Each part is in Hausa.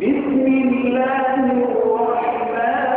بسم الله الرحمن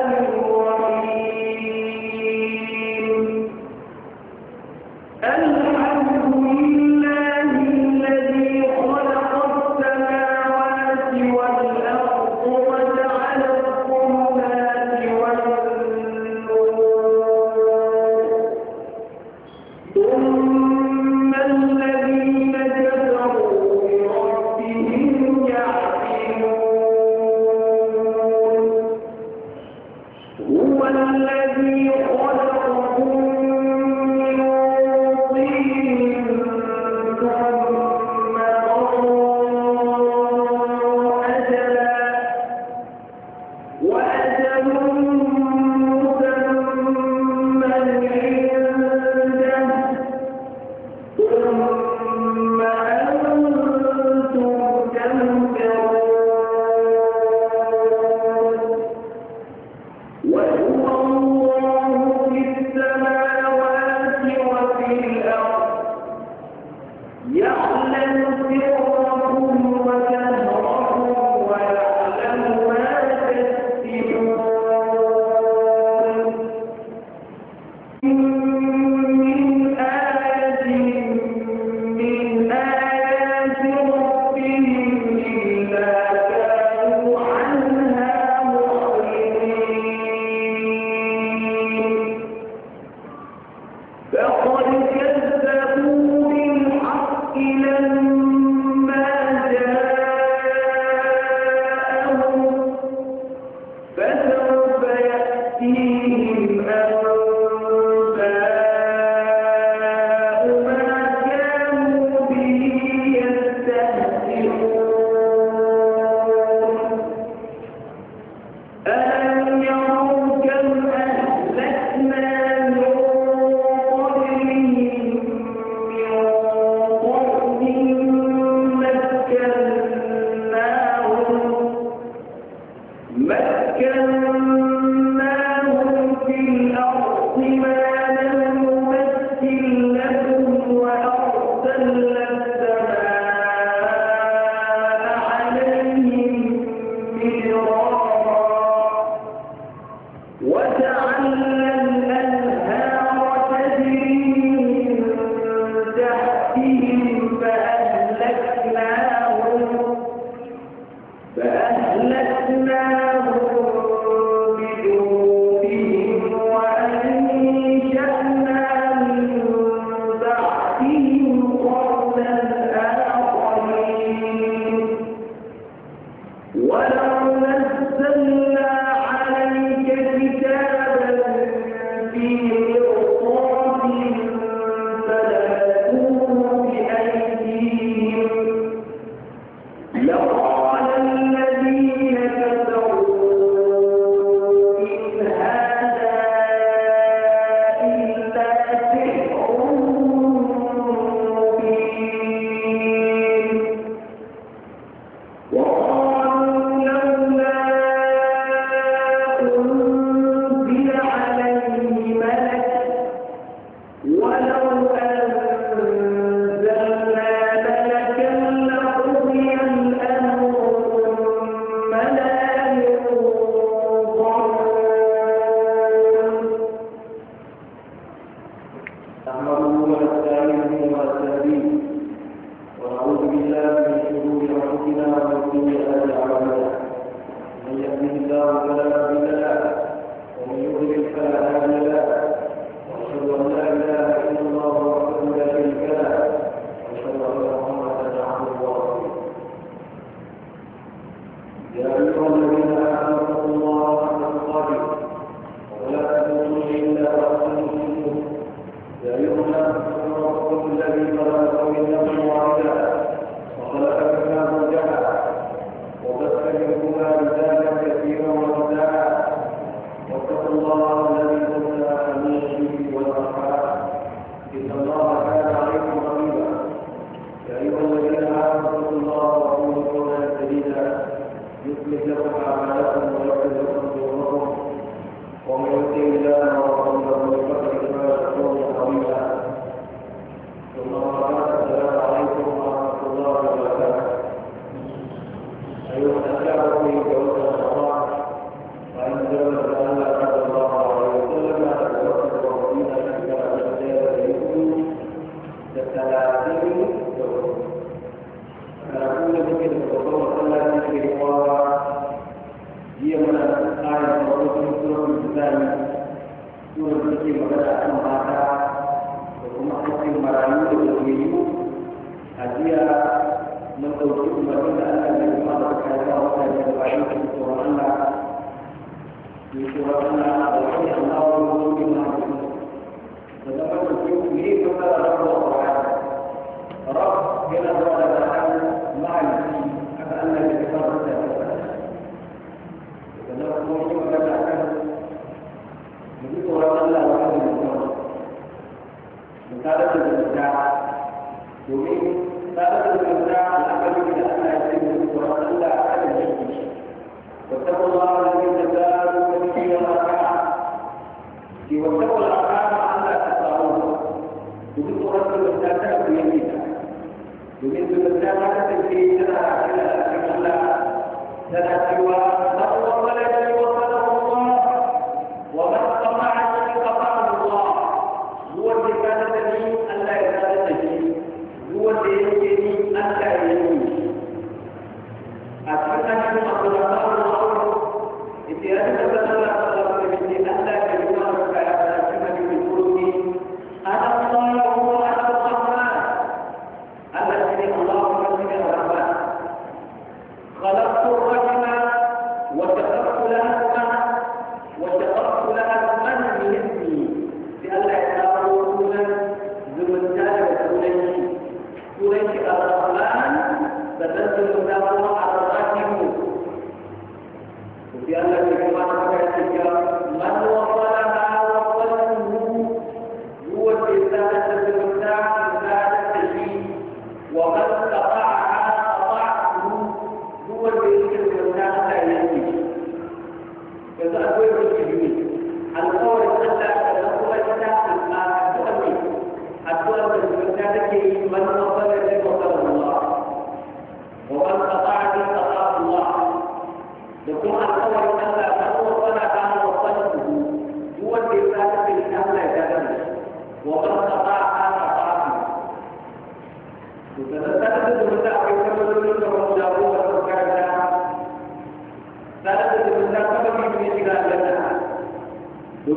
ولكل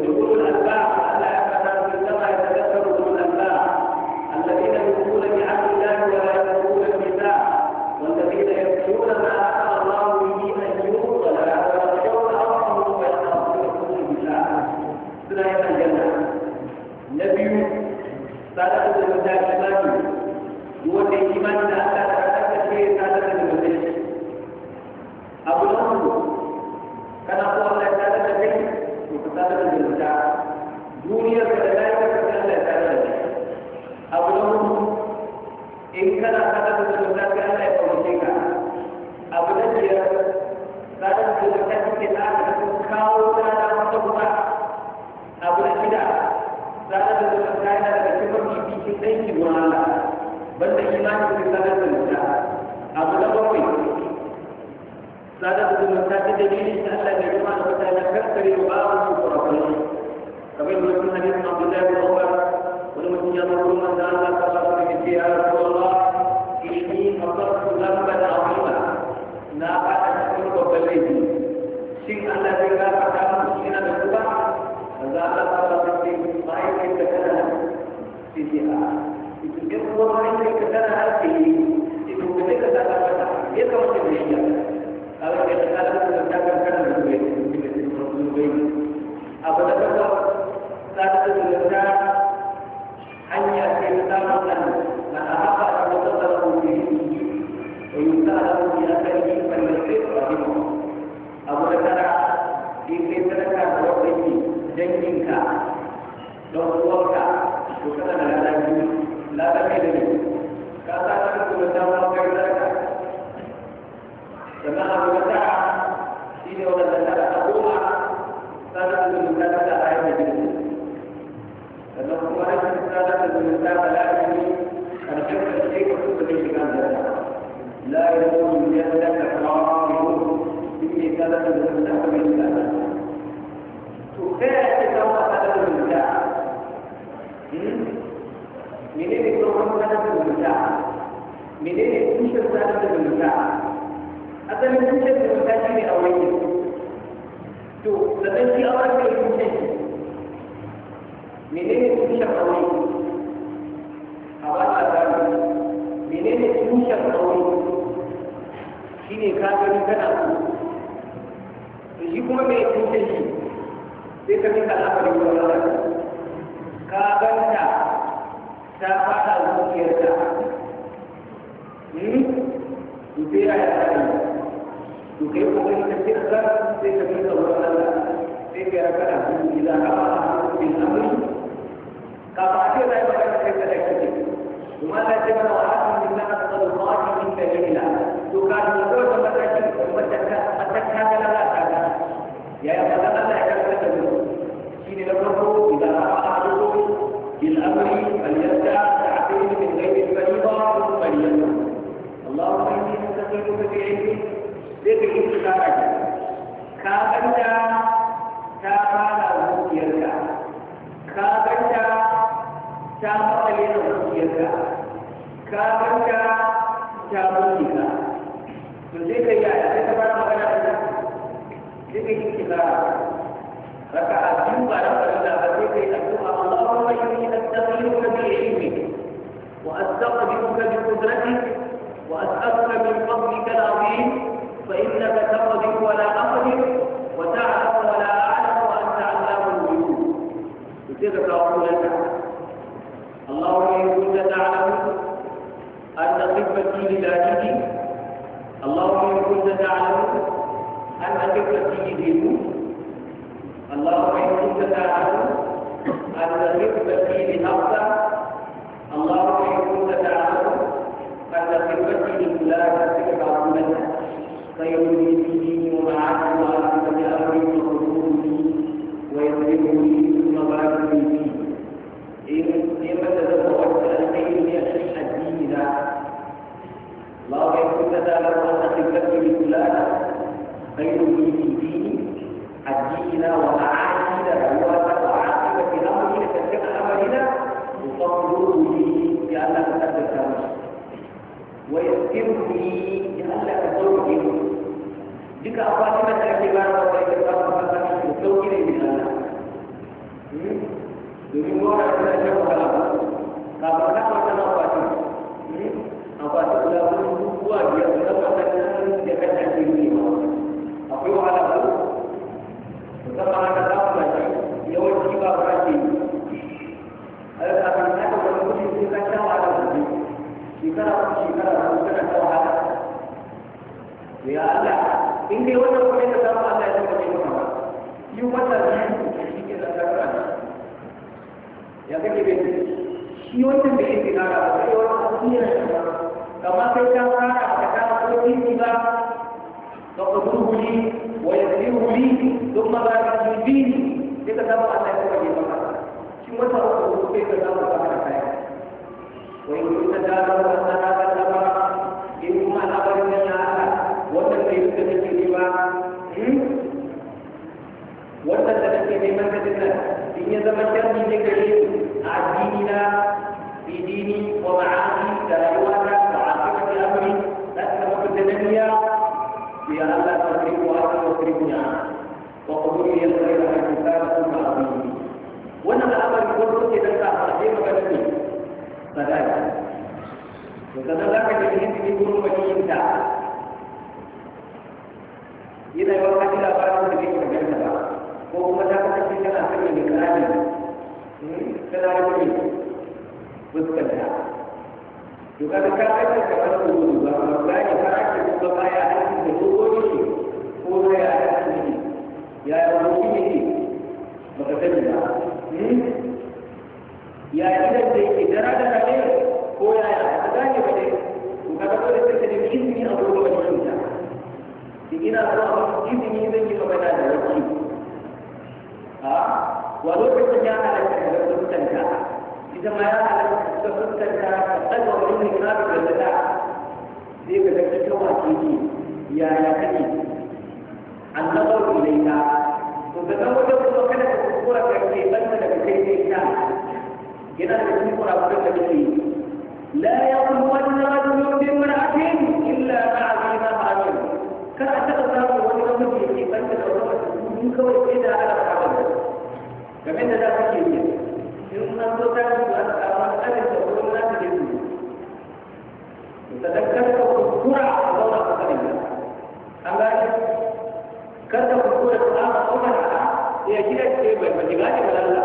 الأسباب danginka don uwarka to kana da lada biyu da biyu ta makale da zuciyarka ka manta ta mutu ka to sai ka yi a sai ka fara magana da sai ka yi kira raka a biyu ba na farilla ba sai ka yi addu'a Allahumma inni astaghfiruka bi ilmik wa astaghfiruka bi qudratik wa as'aluka min fadlika al-'azim fa innaka taqdir wa la aqdir wa ta'lamu wa la a'lamu wa anta 'allamu al-ghuyub sai ka kawo wannan في عبادتي اللهم إن كنت تعلم أن خفتي يذيب اللهم إن كنت تعلم أن خفتي لنفسه اللهم إن كنت تعلم أن خفتي لفلان تكفى منك فيوم ya Allah in dai wannan kuɗin da samu Allah ya taɓa ne mana da da wannan al'amari wanda suke da sa a cikin magana ne sadaka to kada za ka ji cikin cikin gurin wakilta yana yawan kaji labarin da kake magana ba ko kuma ta kasance kana sanya mai karami hmm? kana rufe fuskanta to kada ka aika kamar da gudu ba ba ga ni ka aika ko ba ya aiki da dogon shi ko na ya aiki ya yi wani shi ne ba ka ba hmm? ya gidan da yake dara da rane ko ya ya ta gane ba ne to kaga dole sai ka nemi izini a gurin wani cuta ki ina so a musu izini zan yi magana da wani a wa lokacin ya halatta ka ga fuskanta ita ma ya halatta ka fuskanta ka tsaga wani ne na da da zai ga daga cewa ke yi ya ya kake annabawa ilaika to ga dan wajen kuma kada ka kuskura ka ke banta daga kai sai ta yana da cikin kurakuran da kake yi la yaqulwanna rajulun bi imra'atin illa ma'a bi mahramin kar a taɓa samun wani wanda ke ke banta da wani mutum kawai sai da ala kawai game da za ka ke yi in an zo ta yi ba a samu tsarin da wani za ka ke yi sadakkar ka kuskura a zauna a tsarin da an gane kar ka kuskura ta samu a tsarin da ya gida ce bai ba ji gane ba lalla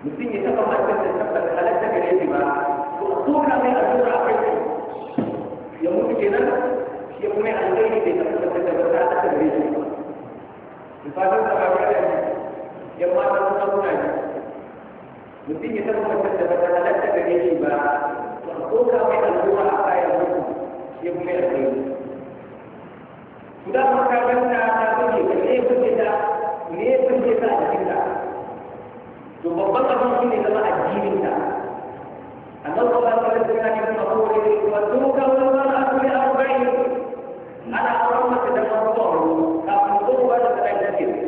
mutum ya taɓa matar da tabbas halatta gare shi ba ko ka mai addu'a a kai ya mutu kenan ya kuma ya alƙairi da ya tabbata da ba ta halatta gare shi ba misalin da ba ya yi yan mata sun mutum ya taɓa matar da ta halatta gare shi ba ko ka mai addu'a a kai ya mutu ya kuma yi alƙairi Sudah mengatakan tak tahu ni, ni pun kita, ni pun kita ada kita. to babban abin shi ne zama addinin ta annabi sallallahu alaihi wasallam ya ce ko da ke wa to ka wannan asiri arba'in ana auren mace da farko kafin ko ba da sadaki ne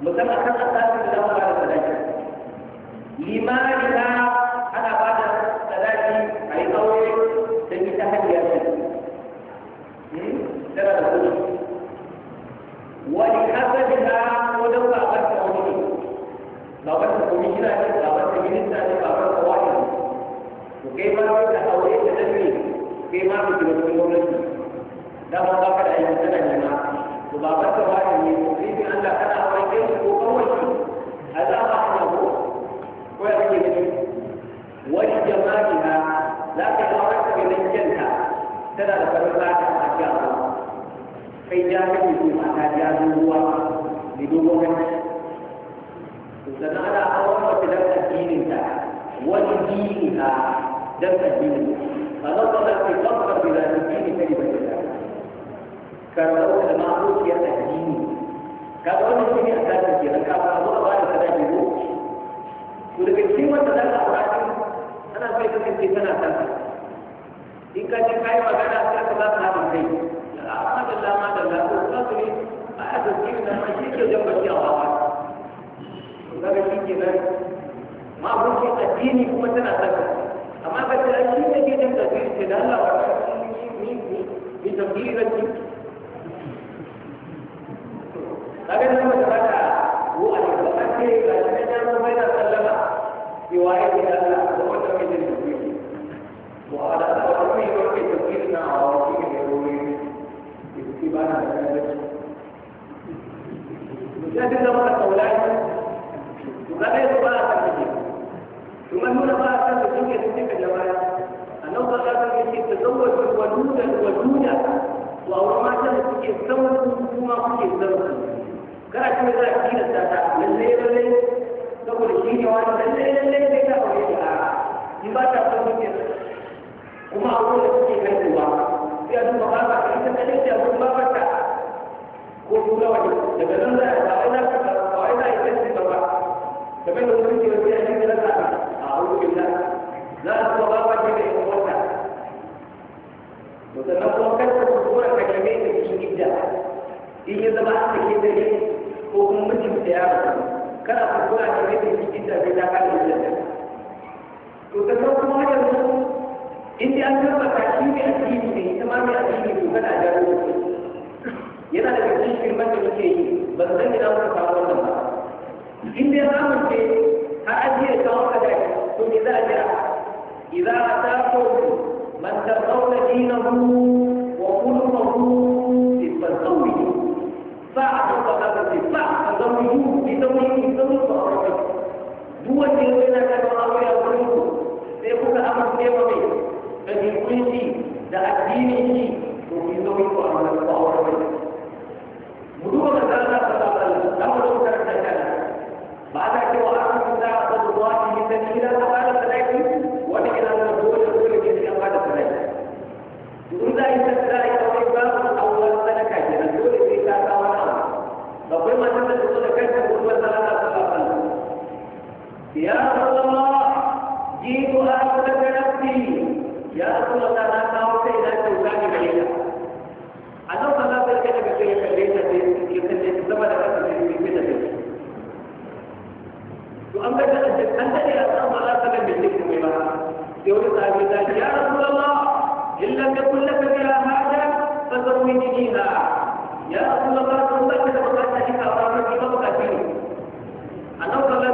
musamman kan asasin da ba da sadaki limani ta ìròyìn wọ́n mẹ́sàn-án. cewa lallai lallai sai ta aure ta in ba ta son mutum kuma a wurin da suke haihuwa sai a duba ba ba ka ita kaɗai ce a wurin ba ba ta ko tura wani daga nan za a ba wai za ka ba wai za a yi tsanci ba ba kamar da wurin ke wasu yanzu da rasa a wurin da za a duba ba ba ce da yin wata to sannan kuma kar ka tura ka game da cikin idda in ya zama aka ke dare ko kuma mutum da yaro kana kuskura ne mai da cikin da ta kan da ta to ta san kuma yanzu in dai an tabbata shi ne addini ne ita ma mai addini to kana da yana da cikin firman da muke yi ban san ina muka samu wannan ba in dai zamu ce har ajiye kawo kada to me za a jira إذا أتاكم من ترضون دينه وخلقه فاستوي فاعلوا فقد اتفاق زوجوه بزوجه زوج أقربه دول يوينا كانوا أولي أولوه سيقول أمر كيومي فدي كنتي دا أديني وفي زوجه أقربه مدوما مثلا فضل الأمر كانت كانت بعد كده وأمر كده الله من سبيل أبعد فلاكي وأنا كده أنا بقول أقول كده أبعد فلاكي يقول لا يستطيع يا رسول الله جئت آخذك نفسي يا رسول الله أنا ناوت إلى توكاك بعيدا أنا ما ذلك أنا بشيء يخليك يخليك زمن أكثر من كده وأما أنت لي أسأل الله فلم يملكه بما يقول صاحب يا رسول الله إن لم يكن لك بها حاجة فزودني بها يا رسول الله كنت أنت بقيت لك أمامك بقيت أنا صلى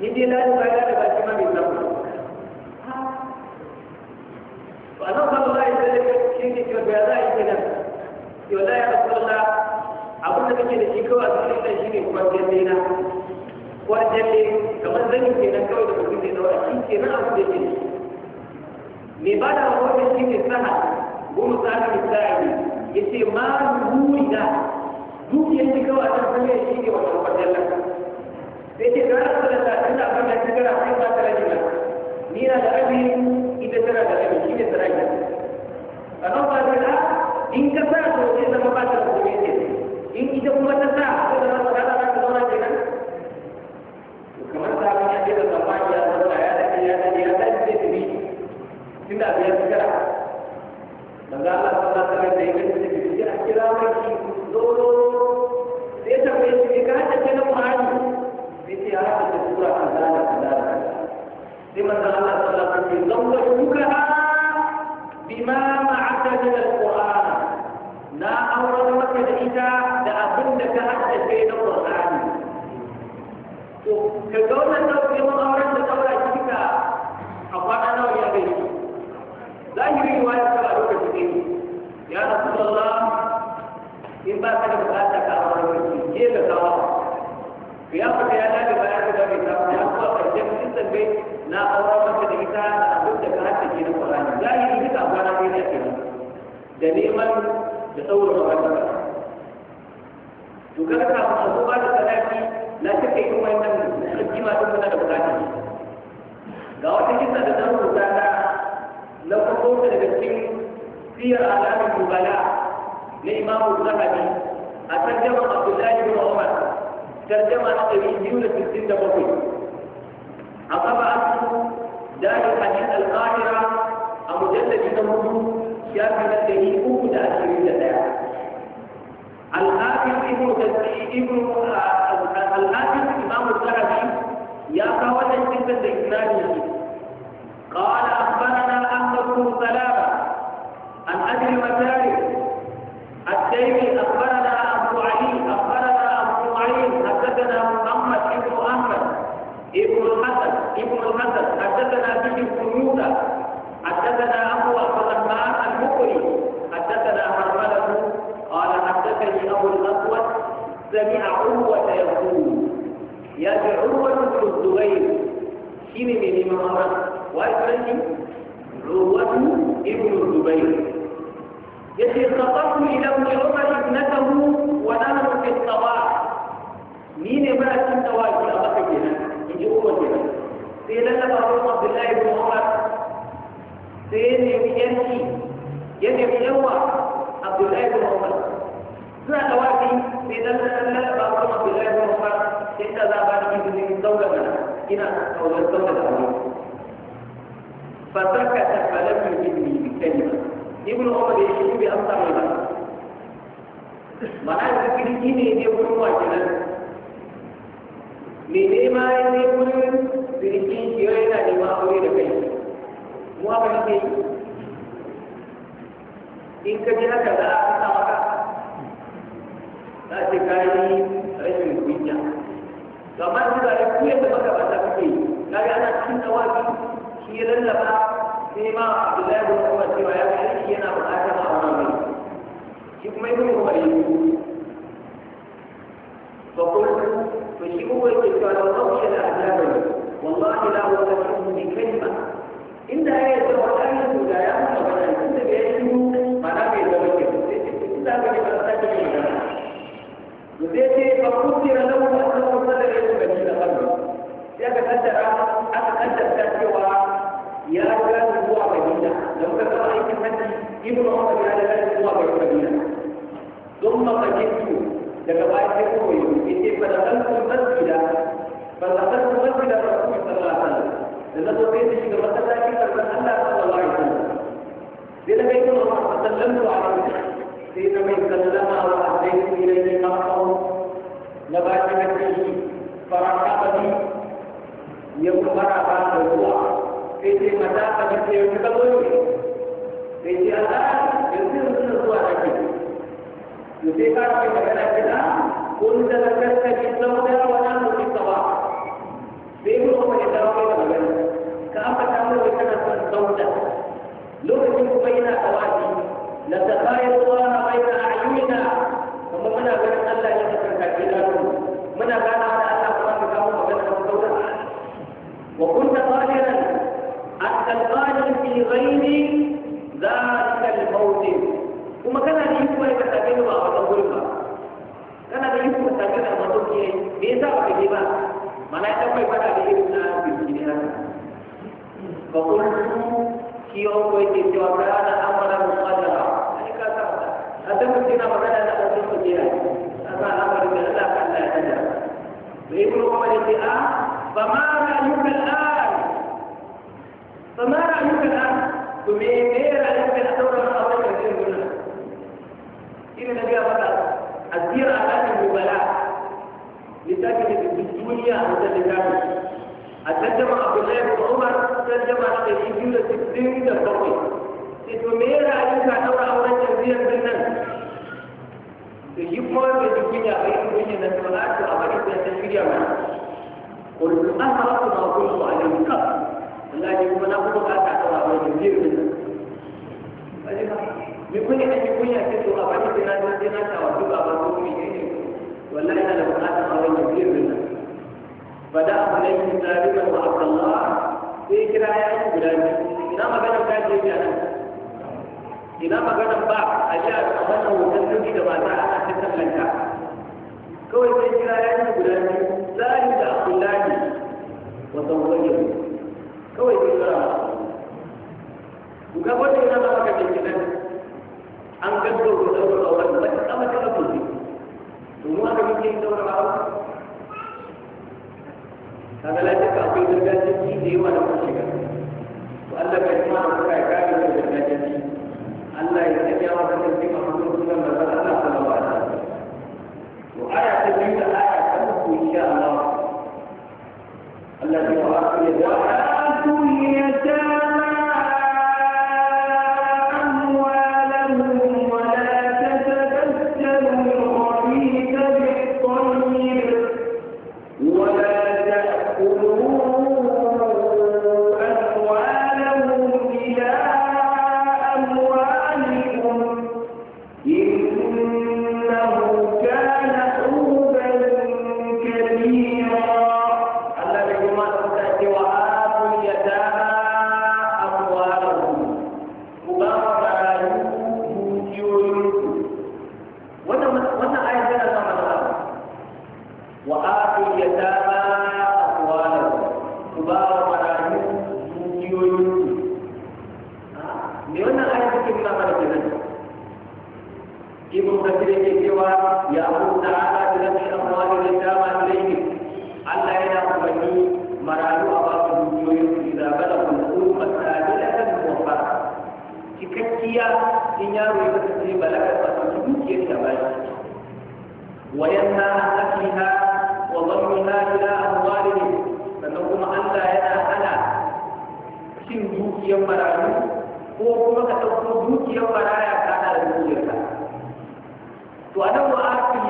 ni dai na yi bayan da baki ma bai samu to annabi sallallahu alaihi shi ne ke ga za a yi gina yau la ya rasulullah abin da kake da shi kawai a cikin shi ne kuma jalle na kuwa jalle kamar zanin kenan kawai da mutum zai daura shi kenan abin da yake mai ba da rahoton shi ne saha goma ta misali ya ce ma ruhu da duk yanzu kawai a cikin shi ne wannan kwajallar yake ga da ta tunda abin da ta gara sai ta tara gina ni na da rabi ita tana da rabi shi ne tara gina a nan ba ta da in ka sa to sai zama ba ta da kome ce in ita kuma ta sa ko da rasu da ta zauna ke nan kamar ta abin ya ce da zamani ya zauna ya da ya da ya da ya da ni tunda abin ya gara manzo Allah sallallahu alaihi wasallam da yake cewa kira mai zo sai ta mai shi ka ta ce na Qur'ani yace ya hada da sura kaza da Allah sallallahu alaihi wasallam bima ma'aka min alquran na aurar maka da ita da abin da ka haddace na qur'ani to ka kaga kafin a zo ba da sadaki na ta kai kuma wannan hikima don kuna da bukata ga wata kisa da zan rubuta na na farko daga cikin siyar alamin mubala na imamu zahabi a tarjama abdullahi bin umar tarjama na ɗari biyu da sittin da bakwai a kafa asu dalil hadis al-qahira a mujallabi na hudu shafi na ɗari uku da ashirin da ɗaya الحافظ ابن ابن الحافظ امام الذهبي يا قوات الجنة الإسلامية قال أخبرنا أحمد بن سلامة عن أبي المساري التيمي أخبرنا أبو علي أخبرنا أبو علي حدثنا محمد بن أحمد ابن الحسن ابن الحسن حدثنا به بن يوسف حدثنا أبو عبد الرحمن المقري حدثنا حرمله قال الأكل أو النقوة سمع عروة يقول يا عروة بن الزبير شيني من إمامة وأسمعني عروة ابن الزبير يتي خطبت إلى ابن عمر ابنته ونحن في الصباح مين ما كنت واجب أبقى هنا إنجي أمة سيدنا سيلا لما عبد الله بن عمر سيلا بيانتي يدي بيوة عبد الله بن عمر suna tawafi sai dan na ba ko mafi laifin ba sai da zaba ina kawai dauka da ni fa saka ta bala mu ni lah. lah. ni kai ibn umar da mana da kiri ne ne ko ma kina ni ne ma ne ko ni kiri ki yayi na ni ma aure da kai za ce kayi rashin kunya to amma su da ku yadda maka ba ta kuke kaga ana cikin dawaki shi lallaba sai ma Abdullahi bin Umar ya kai shi yana buƙatar a wannan mai shi kuma ibn Umar ya yi fa qultu to shi ko yake cewa la rabbi la ajabu wallahi la wadahu bi kalima inda ya yi da wata ayyuka ya mutu وزيتي فقدر له أنه صدر يوم مدينة قبله سيأك قدر أك قدر تأتيوا يا كان هو مدينة لو كان رأيك حدي ابن عمر على ذلك هو مدينة ثم قدمت daga baya sai kuma yi ita ba da kalkun masjida ba da kalkun masjida ba kuma sallallahu alaihi wasallam da na zo sai da shiga masallaci karban Allah sallallahu alaihi wasallam sai da kai kuma sallallahu alaihi wasallam حينما سلم وأهديت إليه خلقه نبات نفسه فركب بي يمر بعد الوعى كيف متى قد يرتكبني كيف الآن يصير من الوعى يصير في مكانك كنت ذكرت في الزوجة ونحن في الصباح بيقولوا من الدرجة المجال كأنك تعمل وكانت الزوجة لو كنت بين أوادي نتخيل الله بين أعيننا ثم منا بين الله يتفكر منا كان على وكنت قادرا أن القادر في غيري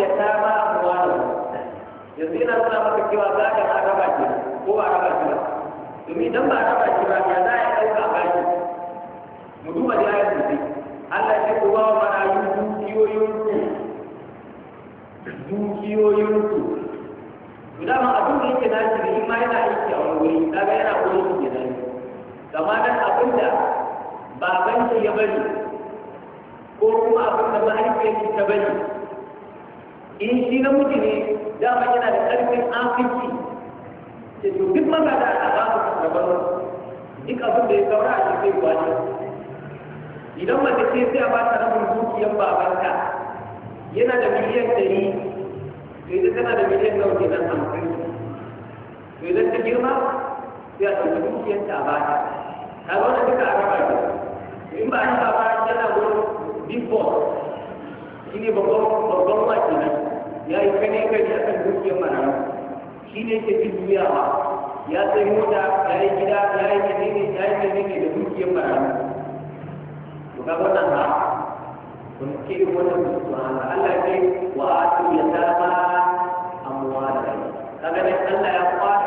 yatama amwalahum yanzu ina nuna maka cewa za ka a raba ki ko ba raba ba domin idan ba raba ki ba ya za a ɗauka ba ki mu duba da ayar da Allah ya ce ba wa marayu dukiyoyinku dukiyoyinku to dama abin da yake nashi ne in ma yana aiki a wani wuri kaga yana koyi shi kenan kama nan abin da baban ya bari ko kuma abin da mahaifiyar ta bari in shi namiji ne dama yana da ƙarfin afinci ce to duk maza da a ba su gaban duk abin da ya saura a cikin kwace idan mace ce sai a ba ta rabin dukiyar babanta yana da miliyan ɗari to idan tana da miliyan nawa ke nan hamsin to idan ta girma sai a ɗauki dukiyarta a ba ta zo da duka a raba in ba a raba ba tana gurin big boss shi ne babban babban ya yi kane kan ya san dukiyar mana shi ne ke jin duniyawa ya sai mota ya yi gida ya yi menene ya yi menene da dukiyar mana to ga wannan ha kun ke yi wannan mutuwa Allah ke wa atu yatama amwala kaga ne Allah ya fara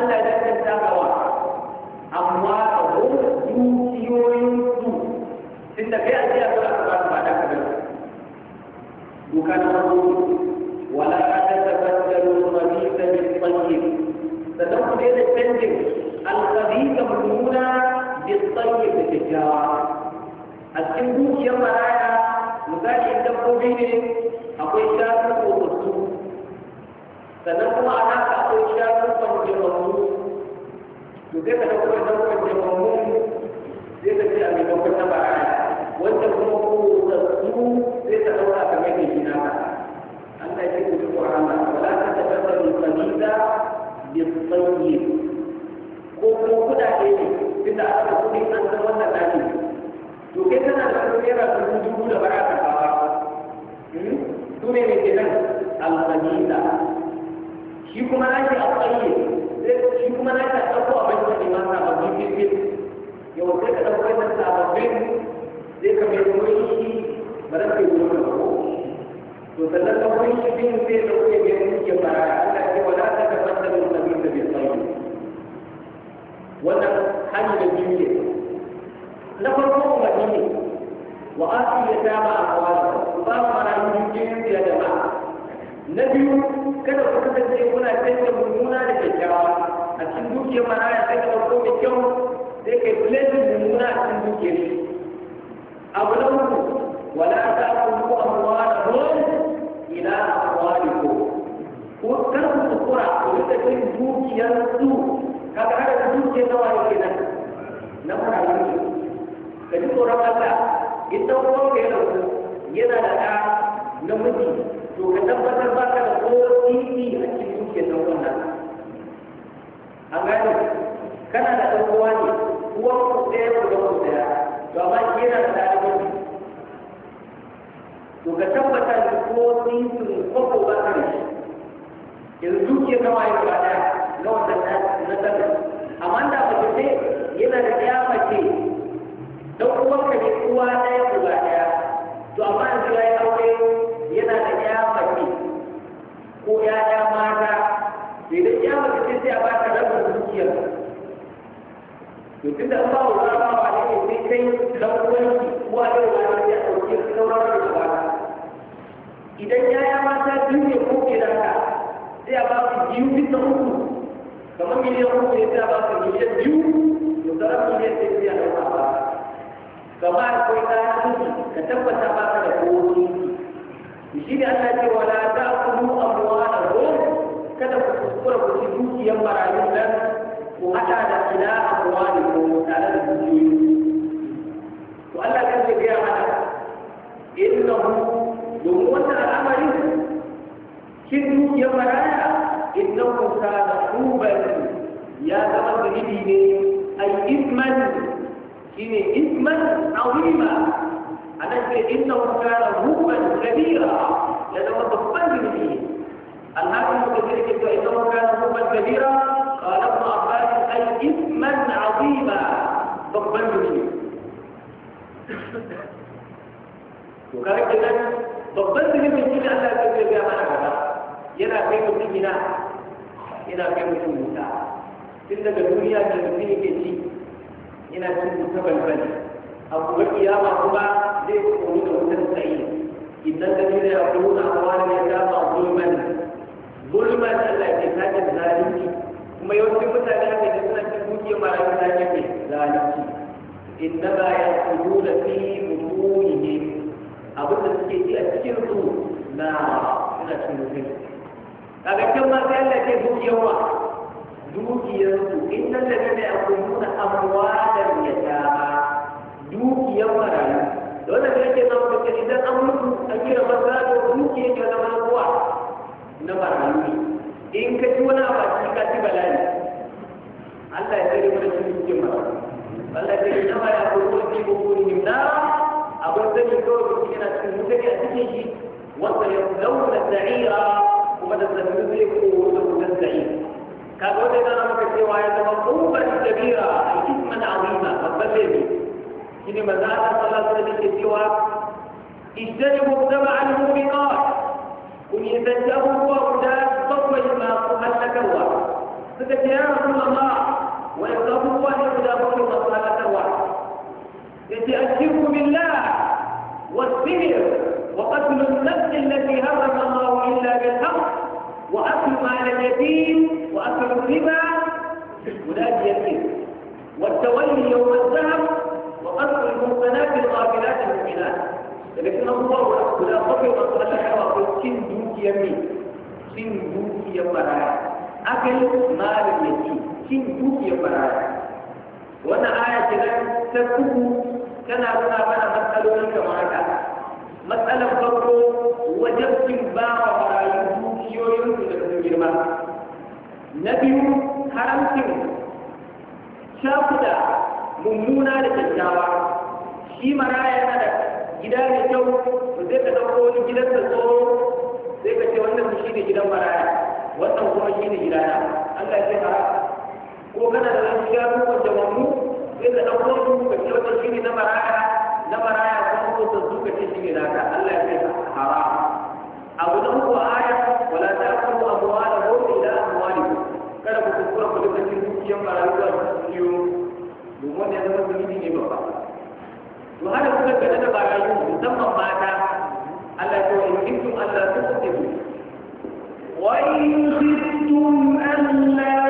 Allah ya akwai ta to sai ka dauko da wancan mamun sai ka ce a mai dauko ta bara wanda kuma ko da su sai ka dauka ka mai gina ka Allah ya ce ku Allah wala ta da sabida bi tayyib ko kuma kudade ne tunda aka kudi an san wannan daki to kai kana da naira dubu da bara ka kawo hmm? su ne ne kenan al-sabida shi kuma ake a tsaye sai kuma na ka ɗauko abin da ma sababbin jirgin yau sai ka ɗauko da sababbin zai ka mai ruwan shi ba za ka yi ruwan ba ko to sannan ɗaukon shi bin zai ɗauke mai ruwan bara ana ce wa za ka tabbata da sabbin da bai tsaye wannan hanyar da biyu ne na farko umarni ne wa asu ya dama a kawai ba mara yin jirgin da jama'a na biyu kada ku kasance kuna canza mummuna da kyakkyawa a cikin dukiyar maraya sai ka ɗauko mai kyau sai kai filetin mummuna a cikin dukiyar shi abu na uku wala ta kuma amwala ruwan ila amwaliku ko kar ku tsura ku rika cin dukiyar su kaga har da dukiyar nawa yake nan na marayu ka ji tsoron Allah idan kuma ka yana da ɗa namiji to ka tabbatar ba ka da ko titi a cikin an gane kana da ɗan uwa ne uwan ku ɗaya ku da ku ɗaya to amma shi yana da ɗalibi to ka tabbata da ko tsinsin kwakwa ba ka da shi yanzu ke nawa ya ba ɗaya na wanda na ɗan amma da ba ce yana da ɗaya mace Yanzu da ba wa ba ne sai kai lauwanci kuwa da rana ya ɗauke sauran da ba Idan yaya mata biyu ne ko ke ka sai a ba su biyu bisa uku kamar miliyan uku ne sai a ba su miliyan biyu to sauran miliyan sai sai a ɗauka ba. Gama akwai kayan ciki ka tabbata ba ka da kowa shi ne Allah ce wala ta kudu abuwa da kada ku kuskura ku ci dukiyar marayun nan ku haɗa da ilaha tare da dukiyoyi to Allah kan ce gaya mana innahu domin wannan al'amari kin dukiyar maraya innahu kana tuban ya zama zunubi ne ai isman shine isman azima anan ce innahu kana tuban kabira ya zama babban zunubi Allah kan ce gaya mana innahu kana tuban kabira babban mutum to kaga kenan babban zunubin shi ne Allah ya zai gaya mana gaba yana kai mutum ina yana kai mutum wuta tun daga duniya da mutum yake ci yana cin wuta balbal a kuma kiyama kuma zai koyi da wutar tsayi idan da ne ya kuma na hawa ne ya dama zulman zulman Allah ke sajin zalunci kuma yawancin mutane haka da suna cin dukiyar marayu na yin mai zalunci innama yaquluna fi butunihim abin da suke ji a cikin su na suna cin mutum kaga can ma sai Allah ke dukiyar wa dukiyar su innal ladina yaquluna amwalan yatama dukiyar marayu da wannan da yake zama kace idan an mutu an kira mazaɗo dukiyar ka zama kowa na marayu ne in ka ci wani abu ka ci bala'i Allah ya tsare mana cikin cikin mara Allah ya tsare nama ya kuru wani ko kuri himna abin zani kawai mutum yana cikin mutane a cikin shi wanda ya launa sa'ira kuma da sannu zai koro da wutan sa'i kaga wanda yana maka cewa ya zama kumbar kabira a kisman azima babban laifi shi ne maza Allah sallallahu alaihi wasallam ke cewa ijtanibu tabi'al mubiqat kun yi zanjabu wa guda kawai masu hallakarwa suka ce ya rasu Allah wani abubuwa ne guda bakwai masu hallakarwa ya ce a shirku billah wa sihir wa qatlu an-nafs allati harrama Allah illa bil haqq wa aklu mal al-yatim wa aklu riba guda biyar ne والتولي يوم الذهب وقتل المؤمنات الغافلات المؤمنات لكن الله لا قبل ان ترشح وقتل دوك يمين cin dukiyar baraya akal malin yaki cin dukiyar baraya Wani aya ce nan ta uku tana nuna mana matsalolin kamar matsalar farko wajen cin ba wa dukiyoyin su da sun girma na biyu haramcin shafuta mummuna da kyakkyawa shi maraya yana da gida mai kyau zai ka ɗauko wani da tsoro sai ka ce wannan shi ne gidan maraya wannan kuma shi ne gidana Allah ya ce fara ko kana da wani gida ko da mamu sai ka dauko su ka ce wannan shi ne na maraya na maraya ko ko su ka ce shi ne naka Allah ya ce fara abu da ku aya wala ta ala ko ila amwali kada ku kuskura ku da cikin dukiyan marayu da dukiyo domin wannan zama zunubi ne ba to hada kuka kada da marayu musamman mata ألا إن ألا تقتلوا وإن خفتم ألا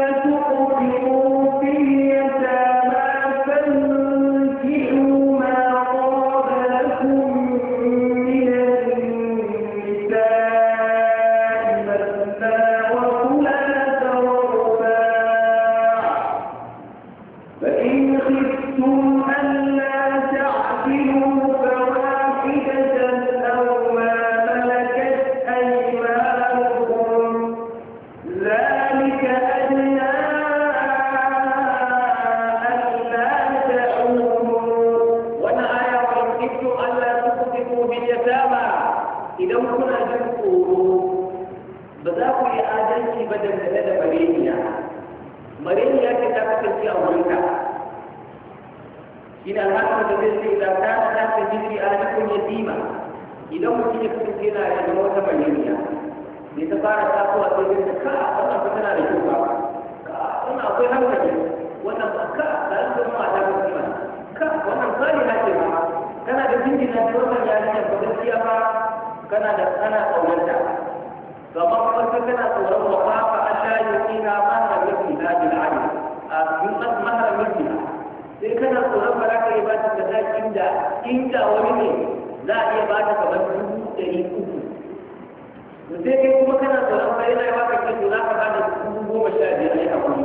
sai kai kuma kana tsoron ba yana yawa kake to za ka ba da dubu goma sha biyar ne a wani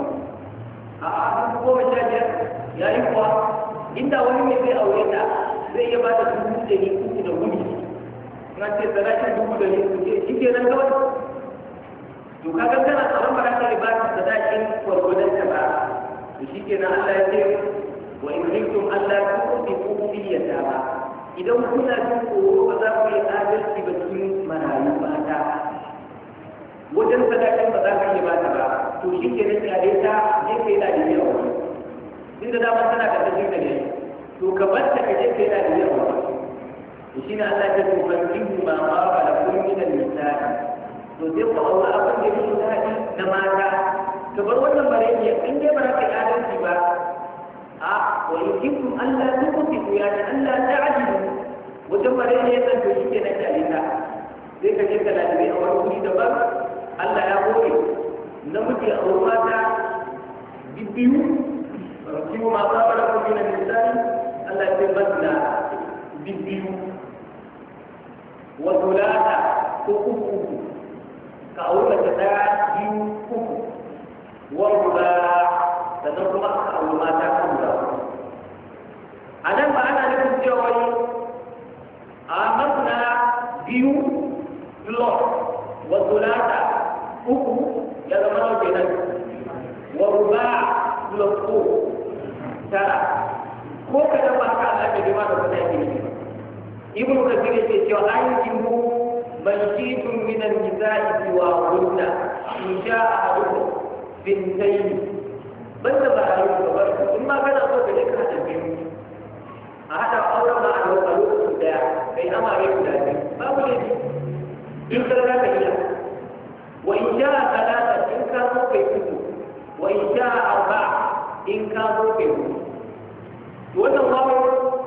a dubu goma sha biyar ya yi kuwa inda wani mai zai aure ta zai iya ba da dubu ɗari uku da wuni na ce sadakin dubu ɗari uku ce shi ke nan kawai to kaga kana tsoron ba za ka yi ba da sadakin gwargwadon ta ba to shi ke nan Allah ya ce wa in kuntum Allah ku ku ku ku ba idan kuna jin tsoro ba za ku yi adalci ba cikin marayu ba ta wajen sadakan ba za ka yi ta ba to shi ke nan yare ta je ka yi lalibi a wani inda dama tana da tafi da ne to ka bar ta ka je ka yi lalibi a wani to shi na Allah ya ce fankihu ma ma ba da kun yi da misali to zai ku aure abin da ya fi daɗi na mata ka bar wannan bareniya in dai ba za ka yi adalci ba a wani in kintum Allah ta ku ya ta Allah ta ajiyu wajen bareniya nan to shi ke nan yare ta sai ka je ka lalibi a wani wuri daban Allah ya goge namiji a wurin mata biyu kiwo ma ba da kuma yana misali Allah ya bazna biyu wa tulata ko uku ka aure ta da biyu uku wa ruba sannan kuma ka aure mata kan da a nan ba ana nufin cewa wani a masna biyu plus wa tulata uku ya zama ke nan wa ruba lokko tara ko ka dan ba ka Allah bai ma da wata yake ne ibnu kasir yake cewa ayyibu man shi'tum min al nisai wa hunna in bin ahadukum ban da ba a yi ba in ma kana so ka je ka da biyu a hada auren ma a lokacin daya kai amare guda biyu babu ne duk da in ka zo mu? wannan wawo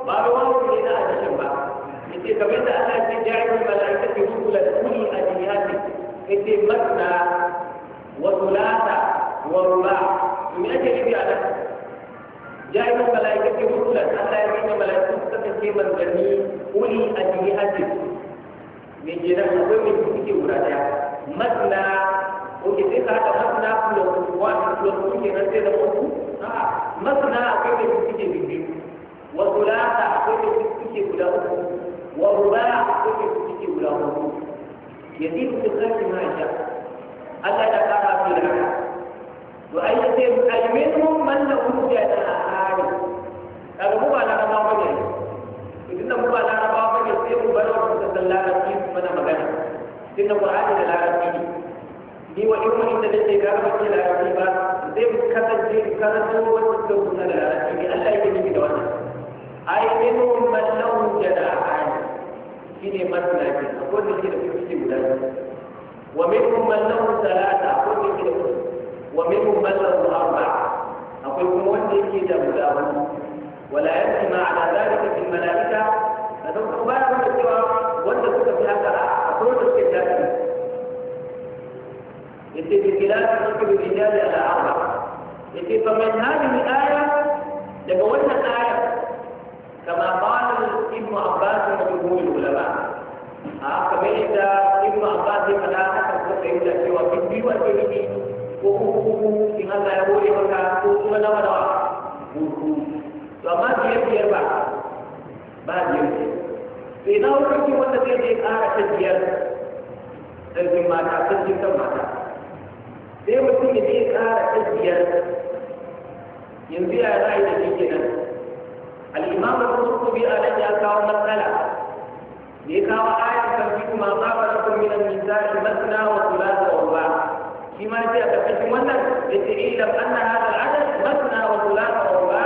ba da wawo ne na addinin ba yace kamar da Allah ya ce ja'alul malaikati rusulan uli ajnihati yace matna wa thulatha wa ruba me yake nufi a nan ke malaikati da Allah ya ce malaiku suka kace manzanni uli ajnihati me ke nan akwai me suke guda daya matna ko ke sai ka hada matna plus one plus two kenan sai da uku مثلا أقول لك كتير بيجي وثلاثة أقول لك كتير ورباع أقول لك كتير يزيد في الخير ما يشاء ألا تقرأ في العمل وأيتم أي منهم من له جناحان المو على ربابك إذن المو على ربابك يسير بلغ تسلى رسيب من مغنى إن قرآن لا رسيب ni wa yau mun da nake ga abin da rafi ba zai kasance karanto wasu da kuna da shi Allah ya yi da wannan ai inu mallahu jana'a shine masnaki akwai da ke da fifi guda wa minhum man lahu thalatha akwai da ke da wa minhum man lahu arba'a akwai kuma wanda yake da guda wani wala yanti ma ala zalika fil malaika a don kuma ba ya cewa wanda suka fi haka يتي بخلاف ركب الرجال على أربعة يتي فمن هذه الآية تقولنا الآية كما قال ابن عباس وجمهور العلماء آه، فبيت ابن عباس فلا تكتب إلا سوى بدي وأجلدي وحقوقه في هذا يقول لك حقوق ولا ولا فما دي يربع ما دي في وقت وتدري آية هذه تلك ماتا تلك ماتا sai mutum ya je kara tafiyar yanzu ya za da shi kenan al'imamu kusurkubi a nan ya kawo matsala da ya kawo ayar kan fi kuma tsabarar kuminan misali masana wa kula da wamba shi ma sai a ƙarƙashin wannan da ce ilam an na hada al'adar masana wa kula da wamba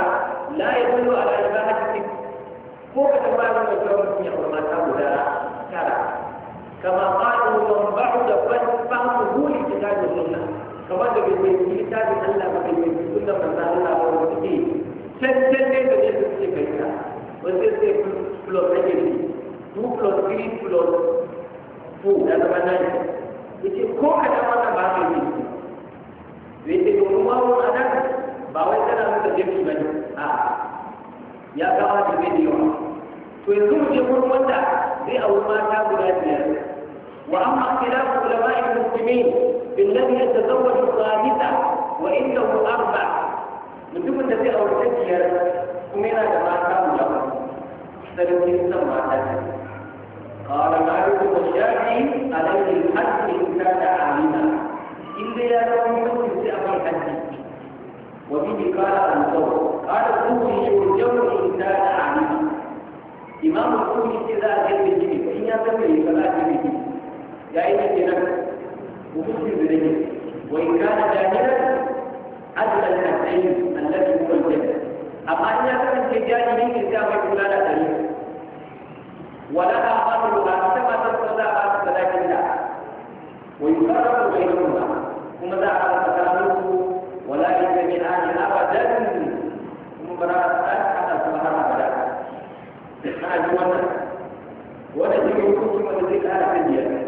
la ya dullo ala ibadatin ko ka tabbata da sauran mutum ya kuma mata guda tara كما قالوا من بعد فهمه لكتاب السنة كما تقول في كتاب الله ما تقول في سنة من الله ورسوله سنتين da ne su ce kai ta wanda sai plus na gari 2 plus 3 plus 4 da zama 9 yace ko a da wannan ba ka yi bai ce domin wawon a nan ba wai tana nuna jami ba ne a ya kawo da zai da yawa to yanzu mu je wurin wanda zai auri mata guda biyar وأما اختلاف علماء المسلمين في الذي يتزوج الخامسة وإنه أربع من ضمن الذي أو التكير أمينا لما كانوا لهم اختلفوا يسمى قال معروف الشافعي عليه الحج إن كان عالما إلا يا لو يكون سأم الحج وبه قال الزوج قال الزوج يرجو إن كان عالما إمام الزوج إذا أجل بالجنب إن يتم فلا تبيه جائزة لنفسه ومسلم بنيه وإن كان جاهلا أدنى الحسين الذي هو الجنة أما أن يكون الجاهل كتابة لا تريد ولها قدرها كما تقول لها فلكن لا ويفرق بينهما هم ذا على تكامله ولا يجتمعان أبدا ثم براءة حتى سبحان أبدا أنا أقول لك ولا تجد كتب ولا تجد أهل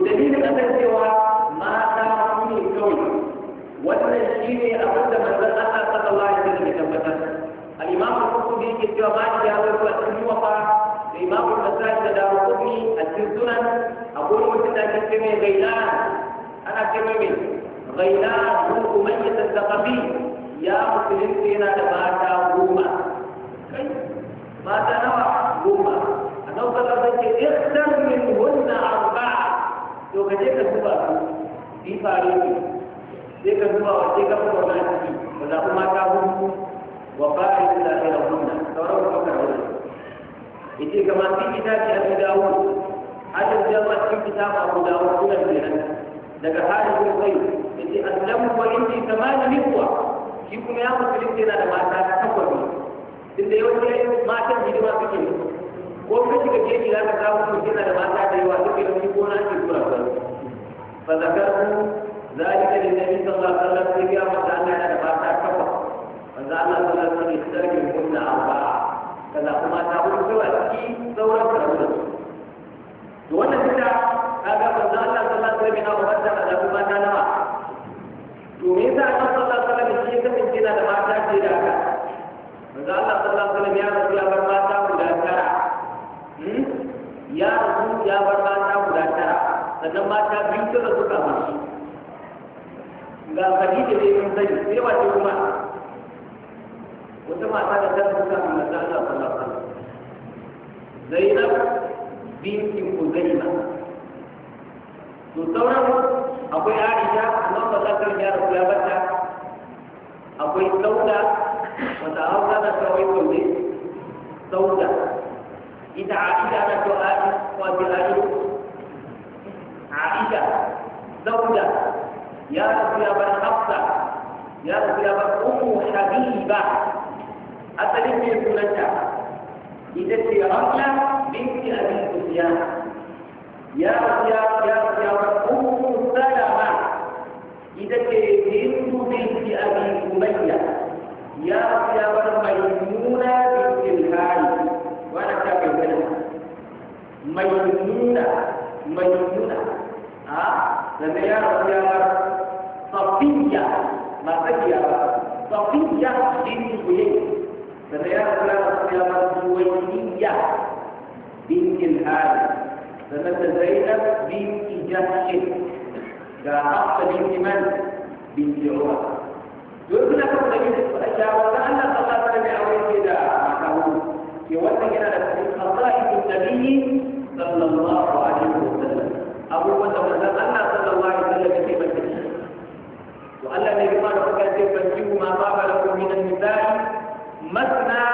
dalilin kasancewa mata su ne kawai wannan shi ne abin da manzon Allah sallallahu alaihi wasallam ya tabbatar al-imam al-qurtubi yake cewa ba shi ya zo a cikin wafa da imam al-nasai da dawo kubi a cikin sunan akwai mutum da ake ce mai gaila ana ce mai gaila ko umayyah al-thaqafi ya musulunci yana da mata goma kai mata nawa goma a nan kasar da ke ikhtar min hunna arba'a to ka je ka zuba su bi fare ne sai ka zuba wa sai ka zuba na ciki ba za kuma ta hunku wa fa'in da ta rahunna sauran kuma ka rahunna yace kamar fi kitabi abu dawud hadin jama'a cikin kitabu abu dawud sunan kenan daga halin bin kai yace aslamu wa indi tamanu liqwa shi kuma ya musulunci yana da mata takwas ne tunda yau ne matan hidima suke musu ko ka shiga jeji za ka samu mutum yana da mata da yawa duk yawanci gona ake zuwa ba fa zakarku zalika lin nabi sallallahu alaihi wasallam sai ya mata Allah yana da mata kafa manzo Allah sallallahu alaihi wasallam ya tsarki kunna arba'a kaza kuma ta hudu zuwa ciki sauran karatu to wannan fita kaga manzo Allah sallallahu alaihi wasallam yana wata da kuma ta nawa to me yasa Allah sallallahu alaihi wasallam shi ya kasance da mata da haka manzo Allah sallallahu alaihi wasallam ya rasu bar mata guda ya rasu ya bar mata guda tara sannan mata biyu suka suka mashi ga khadija ne mun sani sai wace kuma wata mata da ta suka mun da Allah sallallahu alaihi wasallam Zainab binti Huzaima to sauran akwai Aisha Allah sallallahu alaihi ya rasu ya bata akwai Sauda wata Hausa da kawai Sauda Sauda إذا عائشة أنا وجائر عائشة زوجة يا رسول بن حفصة يا رسول بن أم حبيبة أتلم يكونك إذا في رملة بنت أبي سفيان يا رسول يا رسول أم سلمة إذا في بنت بنت أبي أمية يا رسول ميمونة بنت الهاج ميمونة ميمونة ها آه، لميار ميار صفية ما تجي صفية بنت زهير لميار ميار ميار زوينية بنت الهادي فمثل زينب بنت جهش كأخت بنت من؟ بنت عمر duk da kan da yake fada cewa wannan Allah sallallahu alaihi wa sallam ya wuce da makamu ke wannan yana da cikin qada'i صلى الله عليه وسلم أبو وسلم أنا صلى الله عليه وسلم في مسجد وأن النبي قال فكاتب فانكحوا ما طاب لكم من النساء مثنى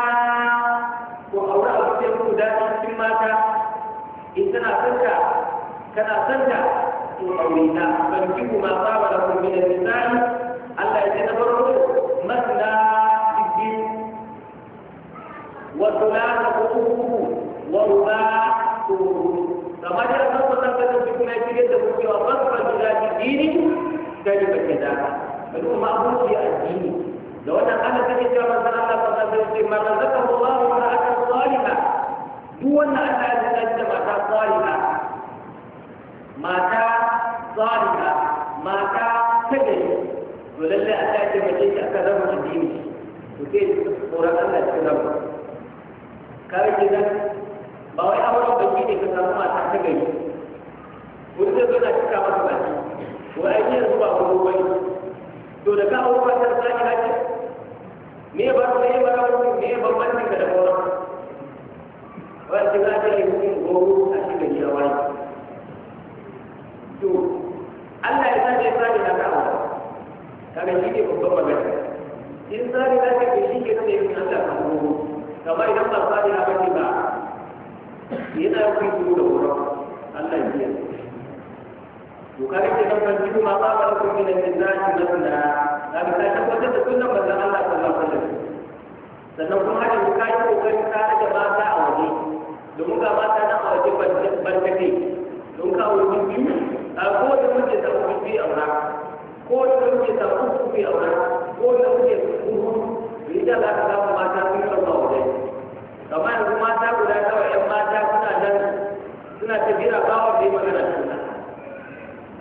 وأوراق تكون ذات ثم إن سنة سنة كان سنة وأولينا فانكحوا ما طاب لكم من النساء ألا يتنبروا مثنى بالدين وثلاثة ورباع to kamar da kan kusan ka tafi kuma ya shirya da ku cewa fasfar gida ji dini da ji bace da ka kuma abinci addini da wannan ana kake cewa manzon Allah sallallahu alaihi wasallam sai manzon zaka Allahu ra'atan salihah duk wannan Allah ya zaka da mata salihah mata salihah mata ta gari to lalle a ta mace ta ka zama addini to sai tsoron Allah ta zama kawai kenan ba wai auren ba shi ne ka samu mata ta gari wani zai zana cika masa baki wai ai yanzu ba wani wani to da ka auri matar ta ki hajji me ba su ne ba wani ba wani ka da za ta yi mutum a shi gari a wani to Allah ya sa ya sa da ka kaga shi ne babban magana in zari za ke shi ke sai in Allah ka kamar idan ba sa da ba yana kuyi da wurin Allah ya to kare ke nan ban kuma ba kuma ku ne da zaki na sunna da ka tabbatar da sunnan manzon Allah sallallahu alaihi wasallam sannan kuma haka ku kai kokarin kare da mata a waje domin ga mata nan a waje ban take ka wuce biyu a kowace mace ta uku biyu aura kowace mace ta uku biyu aura kowace mace ta uku biyu da za ka samu mata sun yi waje kamar yanzu mata guda kawai suna tafiya bawar da yi magana suna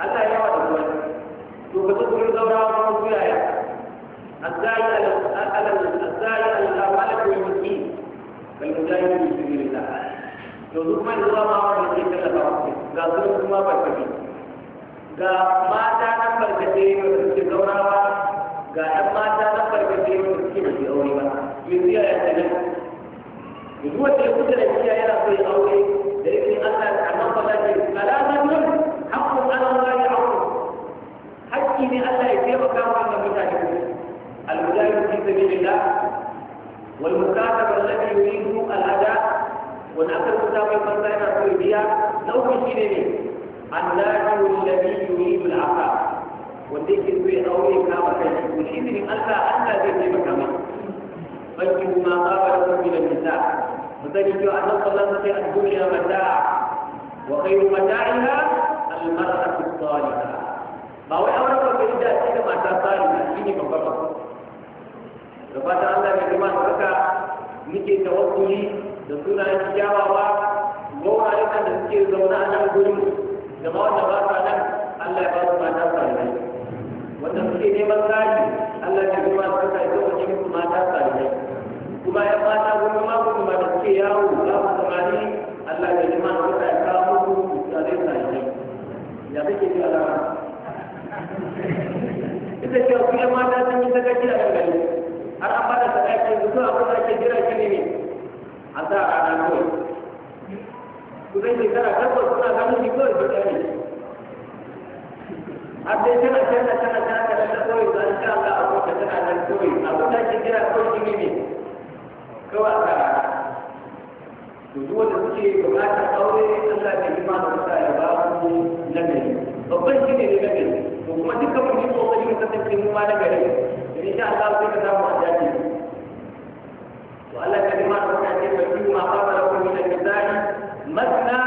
Allah ya yawa da kuma to ka zuwa wurin zaurawa kuma zuwa ya الزاي على الزاي على المالك والمسكين والمجاهد في سبيل الله لو ذكر الله ما هو الذي كلا بعضه لا ذكر ما بعده ga mata nan barkace ne da suke zaurawa ga 'yan mata nan barkace ne da suke da aure ba yanzu ya yi duk wanda ya kusa da ciya yana so ya aure da yake Allah da annan ba zai salamatun haqqun ala Allah ya haqqu haƙƙi ne Allah ya taimaka wa ga mutane al-mujahid fi sabilillah wal mukatab alladhi yuridu al-ada wal akhar mutabay fanta yana so biya nau'in shi ne annahu alladhi yuridu al-aqa wanda yake so ya aure kama kai ko shi ne Allah Allah zai taimaka mai فانكحوا ما طاب لكم من النساء مثل جو أن الله في الدنيا متاع وخير متاعها المرأة الصالحة باوي أولا فإذا تلك ما تصالحة إني مفرق فبات الله بجمع بركة muke tawakkuli da sunayen kyawawa gora yakan da suke zaune a nan gurin da ba wanda ba sa nan Allah ya ba su mata salihai wanda suke neman tsari Allah ya ba su kuma kuke yawo za ku samari Allah ya ji mana kuka ya kawo ta misalai sahihai ya kake ji alama ita ce wasu yan mata sun yi sakaci a kan gari har an bada sadaki yanzu sun abin da ake jira shi ne a sa a rana kawai su zai shekara takwas suna ganin shi kawai ba ne har dai tana tana tana tana tana ta kawai ba ka Allah a ka tana nan kawai abin da ake jira kawai shi ne kawai a a rana to da wanda suke bukatar aure Allah ya yi mana wata ya ba mu nagari babban shi ne ne nagari to kuma dukkan mu yi kokari mu kasance mu ma nagari in sha Allah sai ka samu ajaji to Allah ya yi mana wata ya ba mu ma ba ba ku ne da misali masna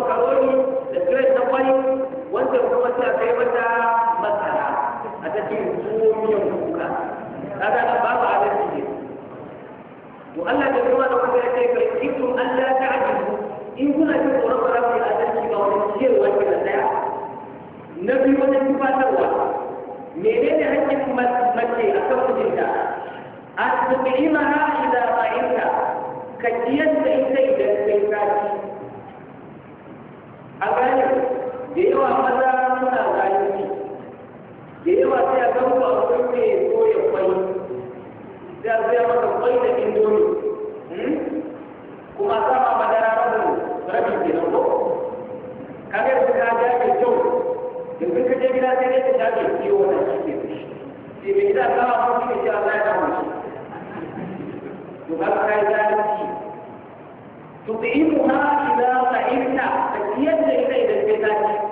makaroni da kiret na kwai wancan kuma sai a kai mata masara a ta ce tuwo miyan kuka kaga nan babu adalci ne to Allah da kuma da kuma ya ce kai kitu Allah ta ajibu in kuna jin tsoron ba za ku yi adalci ba wani ciyarwa ke da daya na biyu wajen tufatarwa menene hakkin mace a kan mijinta a tsibirin ha idan ba'inta ka ciyar da ita idan kai sati da yawa maza suna da yawa sai a ga ku a kun ne ko ya kwai sai a zai maka kwai da indomi hmm? kuma sa ma madara rabin rabin kenan ko ka ga kyau ka je gida sai dai ka sha mai kiwo wannan shi ke fushi gida ka ma shi ne shi Allah ya damu shi to ka ka yi zalunci تطعمها إذا ita idan إذا إذا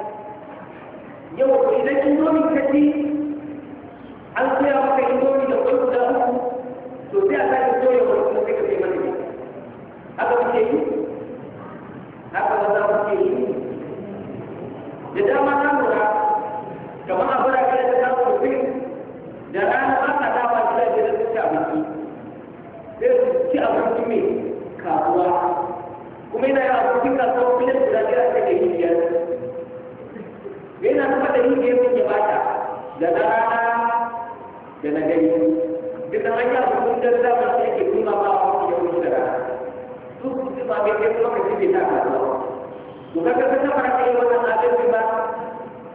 to kaga ka taba ka yi wannan abin ba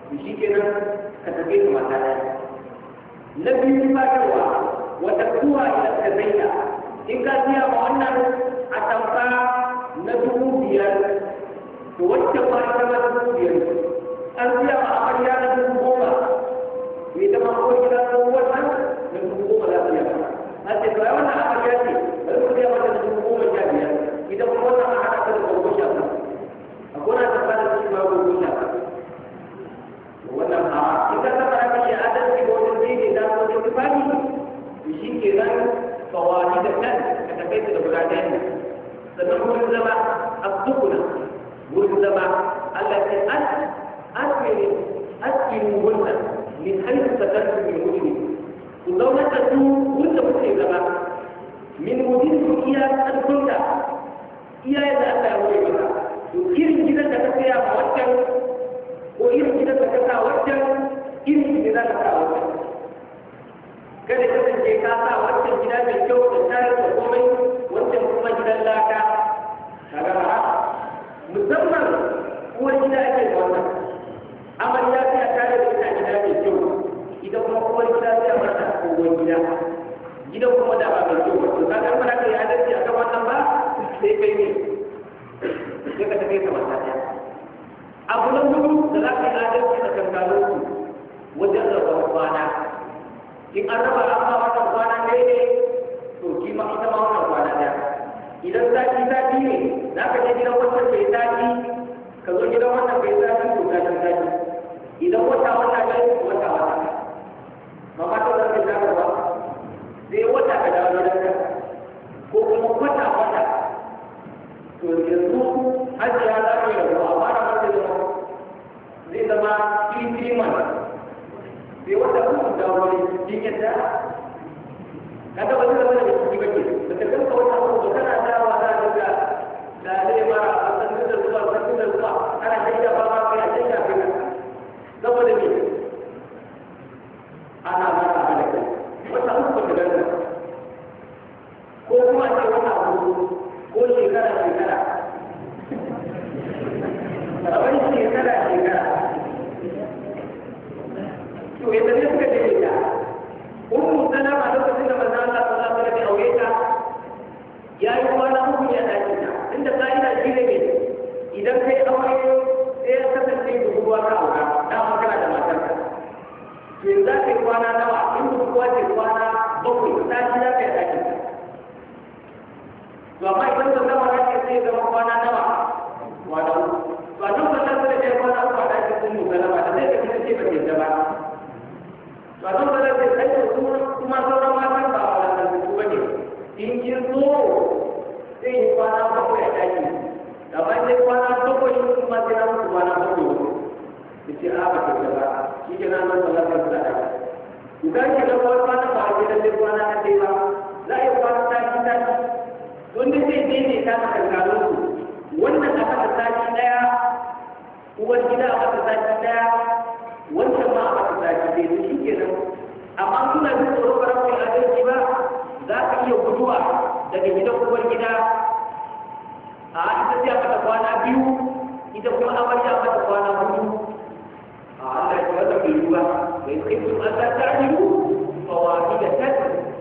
to shi kenan ka tafi da na biyu ba wata kuwa ila ka zaina in ka biya ma wannan a tamfa na dubu biyar to wacce ma ita ma dubu na dubu goma to ita ma ko gida na dubu goma za su ba a ce kuna da fara cikin magunguna wannan ha ita ta fara kashe adalci ko wajen daidai da wajen tufani shi ke nan kawai da kan ka tafi da guda ɗaya ne sannan wurin zama abdukuna wurin zama Allah ce an asiri asiri wannan min haihu sakantu min wuri ku zauna da su wurin da kuke zama min wuri ku iya ƙarfin da iyayen da Allah ya wuri maka irin gidan da ka saya ma wancan ko irin gidan da ka sa wancan irin gidan da ka sa wancan kada ka kasance ka sa wancan gida mai kyau da tarin da komai wancan kuma gidan laka kaga ba musamman uwar gida ake da wannan amarya sai a tare da ita gida mai kyau ita kuma uwar gida sai a mata uwar gida gidan kuma da ba mai kyau ba to kaga in kai ka yi adalci akan wannan ba sai kai ne sai ka tafi kamar ta ɗaya abu na hudu da za ka yi adalci a kankanin su wajen rabar kwana in an raba an ba wannan kwana ne to ki ma ita ma wannan kwana ɗaya idan sati sati ne za ka je gidan wannan bai sati ka zo gidan wannan bai ko ta sati idan wata wata ne wata wata mama ta zaka ta ba sai wata ka dawo gidan ko kuma wata wata to yanzu hajji ya zaɓe da ba